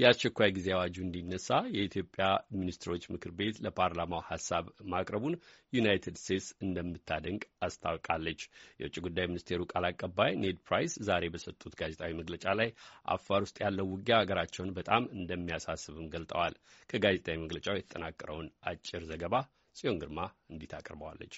የአስቸኳይ ጊዜ አዋጁ እንዲነሳ የኢትዮጵያ ሚኒስትሮች ምክር ቤት ለፓርላማው ሀሳብ ማቅረቡን ዩናይትድ ስቴትስ እንደምታደንቅ አስታውቃለች። የውጭ ጉዳይ ሚኒስቴሩ ቃል አቀባይ ኔድ ፕራይስ ዛሬ በሰጡት ጋዜጣዊ መግለጫ ላይ አፋር ውስጥ ያለው ውጊያ ሀገራቸውን በጣም እንደሚያሳስብም ገልጠዋል። ከጋዜጣዊ መግለጫው የተጠናቀረውን አጭር ዘገባ ጽዮን ግርማ እንዲት አቅርበዋለች።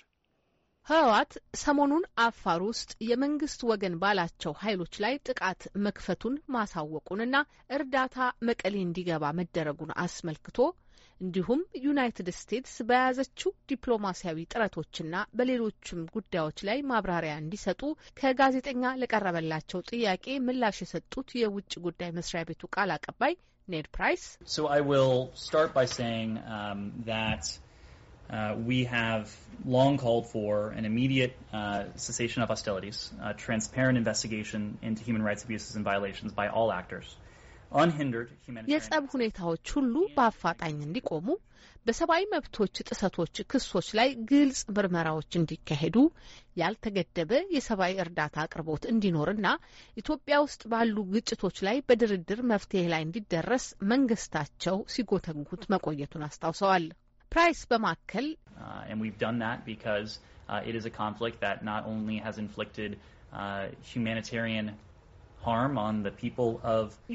ህወሓት ሰሞኑን አፋር ውስጥ የመንግስት ወገን ባላቸው ኃይሎች ላይ ጥቃት መክፈቱን ማሳወቁንና እርዳታ መቀሌ እንዲገባ መደረጉን አስመልክቶ እንዲሁም ዩናይትድ ስቴትስ በያዘችው ዲፕሎማሲያዊ ጥረቶችና በሌሎችም ጉዳዮች ላይ ማብራሪያ እንዲሰጡ ከጋዜጠኛ ለቀረበላቸው ጥያቄ ምላሽ የሰጡት የውጭ ጉዳይ መስሪያ ቤቱ ቃል አቀባይ ኔድ ፕራይስ um, Uh, we have long called for an immediate uh, cessation of hostilities, a transparent investigation into human rights abuses and violations by all actors. የጸብ ሁኔታዎች ሁሉ በአፋጣኝ እንዲቆሙ በሰብአዊ መብቶች ጥሰቶች ክሶች ላይ ግልጽ ምርመራዎች እንዲካሄዱ ያልተገደበ የሰብአዊ እርዳታ አቅርቦት እንዲኖርና ኢትዮጵያ ውስጥ ባሉ ግጭቶች ላይ በድርድር መፍትሄ ላይ እንዲደረስ መንግስታቸው ሲጎተጉት መቆየቱን አስታውሰዋል። ፕራይስ በማከል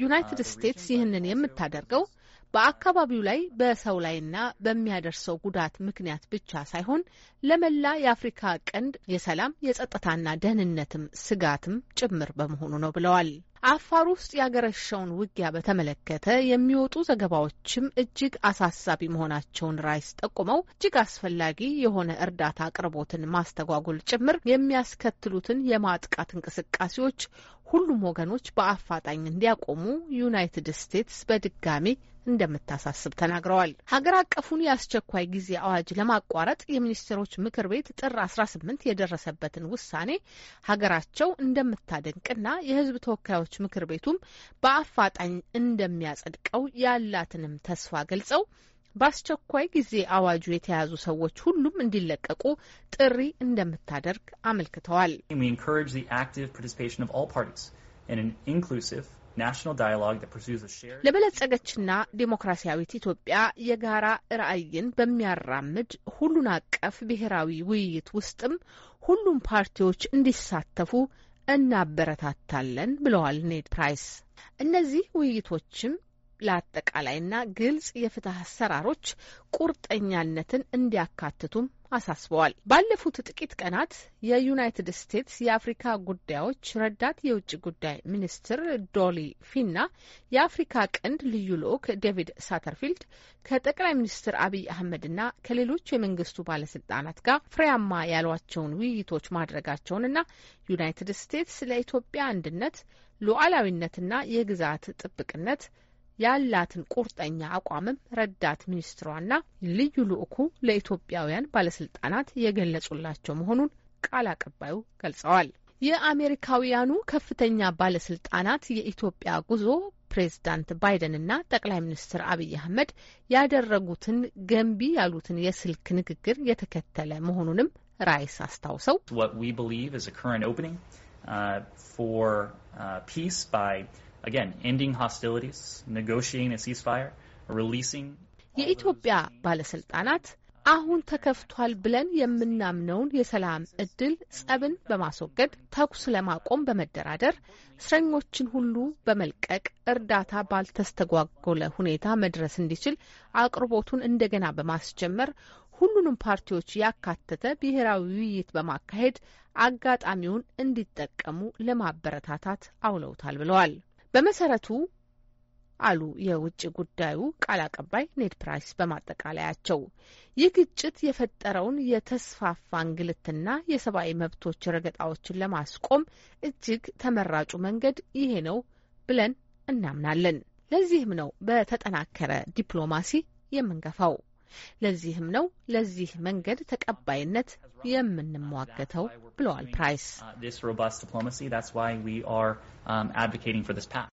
ዩናይትድ ስቴትስ ይህንን የምታደርገው በአካባቢው ላይ በሰው ላይና በሚያደርሰው ጉዳት ምክንያት ብቻ ሳይሆን ለመላ የአፍሪካ ቀንድ የሰላም የጸጥታና ደህንነትም ስጋትም ጭምር በመሆኑ ነው ብለዋል። አፋር ውስጥ ያገረሸውን ውጊያ በተመለከተ የሚወጡ ዘገባዎችም እጅግ አሳሳቢ መሆናቸውን ራይስ ጠቁመው እጅግ አስፈላጊ የሆነ እርዳታ አቅርቦትን ማስተጓጎል ጭምር የሚያስከትሉትን የማጥቃት እንቅስቃሴዎች ሁሉም ወገኖች በአፋጣኝ እንዲያቆሙ ዩናይትድ ስቴትስ በድጋሚ እንደምታሳስብ ተናግረዋል። ሀገር አቀፉን የአስቸኳይ ጊዜ አዋጅ ለማቋረጥ የሚኒስትሮች ምክር ቤት ጥር 18 የደረሰበትን ውሳኔ ሀገራቸው እንደምታደንቅና የሕዝብ ተወካዮች ምክር ቤቱም በአፋጣኝ እንደሚያጸድቀው ያላትንም ተስፋ ገልጸው በአስቸኳይ ጊዜ አዋጁ የተያዙ ሰዎች ሁሉም እንዲለቀቁ ጥሪ እንደምታደርግ አመልክተዋል። ለበለጸገችና ዲሞክራሲያዊት ኢትዮጵያ የጋራ ራዕይን በሚያራምድ ሁሉን አቀፍ ብሔራዊ ውይይት ውስጥም ሁሉም ፓርቲዎች እንዲሳተፉ እናበረታታለን ብለዋል ኔድ ፕራይስ። እነዚህ ውይይቶችም ለአጠቃላይና ግልጽ የፍትህ አሰራሮች ቁርጠኛነትን እንዲያካትቱም አሳስበዋል። ባለፉት ጥቂት ቀናት የዩናይትድ ስቴትስ የአፍሪካ ጉዳዮች ረዳት የውጭ ጉዳይ ሚኒስትር ዶሊ ፊና የአፍሪካ ቀንድ ልዩ ልዑክ ዴቪድ ሳተርፊልድ ከጠቅላይ ሚኒስትር አብይ አህመድና ከሌሎች የመንግስቱ ባለስልጣናት ጋር ፍሬያማ ያሏቸውን ውይይቶች ማድረጋቸውንና ዩናይትድ ስቴትስ ለኢትዮጵያ አንድነት ሉዓላዊነትና የግዛት ጥብቅነት ያላትን ቁርጠኛ አቋምም ረዳት ሚኒስትሯና ልዩ ልኡኩ ለኢትዮጵያውያን ባለስልጣናት የገለጹላቸው መሆኑን ቃል አቀባዩ ገልጸዋል። የአሜሪካውያኑ ከፍተኛ ባለስልጣናት የኢትዮጵያ ጉዞ ፕሬዝዳንት ባይደንና ጠቅላይ ሚኒስትር አብይ አህመድ ያደረጉትን ገንቢ ያሉትን የስልክ ንግግር የተከተለ መሆኑንም ራይስ አስታውሰው again, ending hostilities, negotiating a ceasefire, releasing የኢትዮጵያ ባለስልጣናት አሁን ተከፍቷል ብለን የምናምነውን የሰላም እድል ጸብን በማስወገድ ተኩስ ለማቆም በመደራደር እስረኞችን ሁሉ በመልቀቅ እርዳታ ባልተስተጓጎለ ሁኔታ መድረስ እንዲችል አቅርቦቱን እንደገና በማስጀመር ሁሉንም ፓርቲዎች ያካተተ ብሔራዊ ውይይት በማካሄድ አጋጣሚውን እንዲጠቀሙ ለማበረታታት አውለውታል ብለዋል። በመሰረቱ አሉ የውጭ ጉዳዩ ቃል አቀባይ ኔድ ፕራይስ በማጠቃለያቸው ይህ ግጭት የፈጠረውን የተስፋፋ እንግልትና የሰብአዊ መብቶች ረገጣዎችን ለማስቆም እጅግ ተመራጩ መንገድ ይሄ ነው ብለን እናምናለን። ለዚህም ነው በተጠናከረ ዲፕሎማሲ የምንገፋው። ለዚህም ነው ለዚህ መንገድ ተቀባይነት የምንሟገተው ብለዋል ፕራይስ። uh,